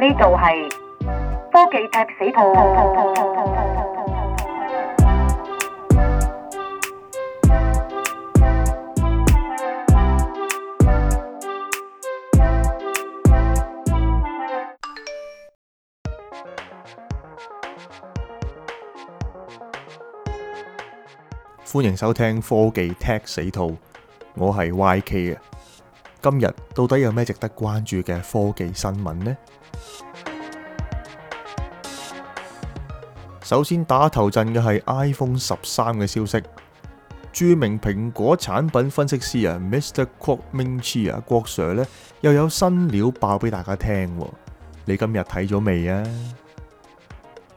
呢度係科技 Tech 死兔，歡迎收聽科技 Tech 死兔，我係 YK 嘅。今日到底有咩值得關注嘅科技新聞呢？首先打頭陣嘅係 iPhone 十三嘅消息，著名蘋果產品分析師啊，Mr. Kuo Ming Chi 啊，郭 Sir 咧，又有新料爆俾大家聽，你今日睇咗未啊？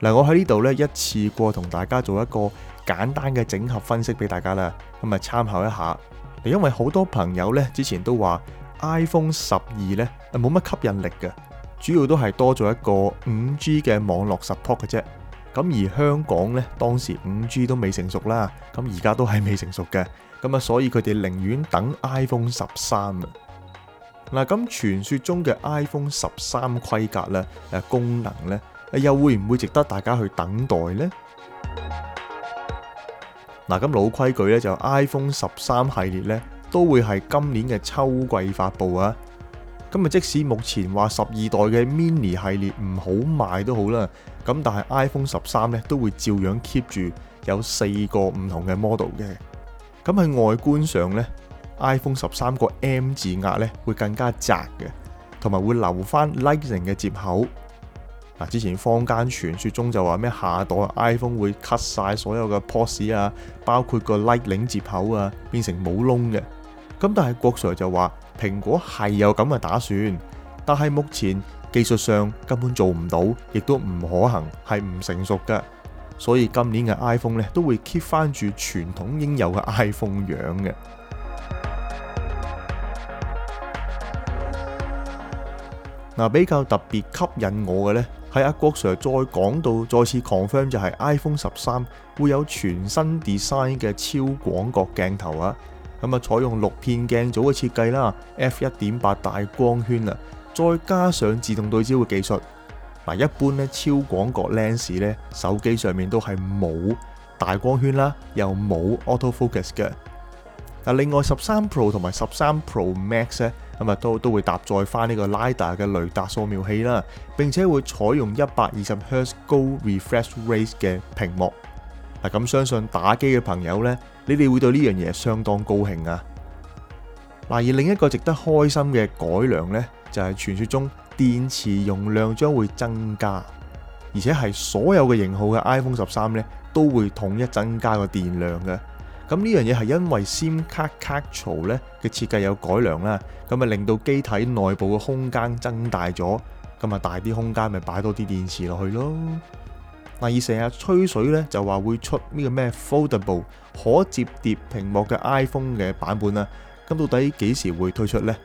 嗱，我喺呢度咧，一次過同大家做一個簡單嘅整合分析俾大家啦，咁啊參考一下。因為好多朋友呢，之前都話 iPhone 十二呢冇乜吸引力嘅，主要都係多咗一個五 G 嘅網絡 support 嘅啫。咁而香港呢，當時五 G 都未成熟啦，咁而家都係未成熟嘅，咁啊所以佢哋寧願等 iPhone 十三啊。嗱，咁傳說中嘅 iPhone 十三規格呢，誒功能呢又會唔會值得大家去等待呢？嗱，咁老規矩咧就 iPhone 十三系列咧都會係今年嘅秋季發布啊。咁啊，即使目前話十二代嘅 Mini 系列唔好賣都好啦，咁但係 iPhone 十三咧都會照樣 keep 住有四個唔同嘅 model 嘅。咁喺外觀上咧，iPhone 十三個 M 字額咧會更加窄嘅，同埋會留翻 Lightning 嘅接口。嗱，之前坊間傳説中就話咩下代 iPhone 會 cut 晒所有嘅 ports 啊，包括個 Lightning、like、接口啊，變成冇窿嘅。咁但係郭 Sir 就話，蘋果係有咁嘅打算，但係目前技術上根本做唔到，亦都唔可能，係唔成熟嘅。所以今年嘅 iPhone 咧都會 keep 翻住傳統應有嘅 iPhone 樣嘅。嗱，比較特別吸引我嘅呢。喺阿、啊、郭 Sir 再講到，再次 confirm 就係 iPhone 十三會有全新 design 嘅超廣角鏡頭啊！咁啊，採用六片鏡組嘅設計啦，F 一點八大光圈啊，再加上自動對焦嘅技術。嗱，一般咧超廣角 lens 咧，手機上面都係冇大光圈啦，又冇 auto focus 嘅。嗱，另外十三 Pro 同埋十三 Pro Max 咧、啊。都都會搭載翻呢個 LiDAR 嘅雷達掃描器啦，並且會採用一百二十赫茲高 refresh rate 嘅屏幕。嗱，咁相信打機嘅朋友呢，你哋會對呢樣嘢相當高興啊！嗱，而另一個值得開心嘅改良呢，就係傳説中電池容量將會增加，而且係所有嘅型號嘅 iPhone 十三呢，都會統一增加個電量嘅。咁呢樣嘢係因為 SIM 卡卡槽咧嘅設計有改良啦，咁咪令到機體內部嘅空間增大咗，咁啊大啲空間咪擺多啲電池落去咯。嗱，而成日吹水咧就話會出呢個咩 foldable 可摺疊屏幕嘅 iPhone 嘅版本啦，咁到底幾時會推出呢？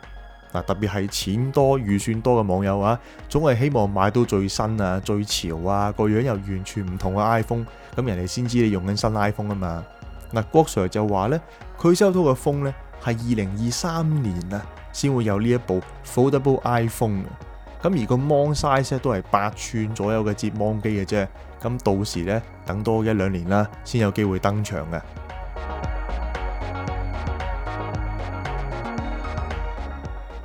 嗱，特別係錢多預算多嘅網友啊，總係希望買到最新啊、最潮啊，個樣又完全唔同嘅 iPhone，咁人哋先知你用緊新 iPhone 啊嘛。嗱，郭 Sir 就話咧，佢收到嘅風咧係二零二三年啊，先會有呢一部 Foldable iPhone 啊。咁而個 mon size 都係八吋左右嘅折 mon 機嘅啫。咁到時咧，等多一兩年啦，先有機會登場嘅。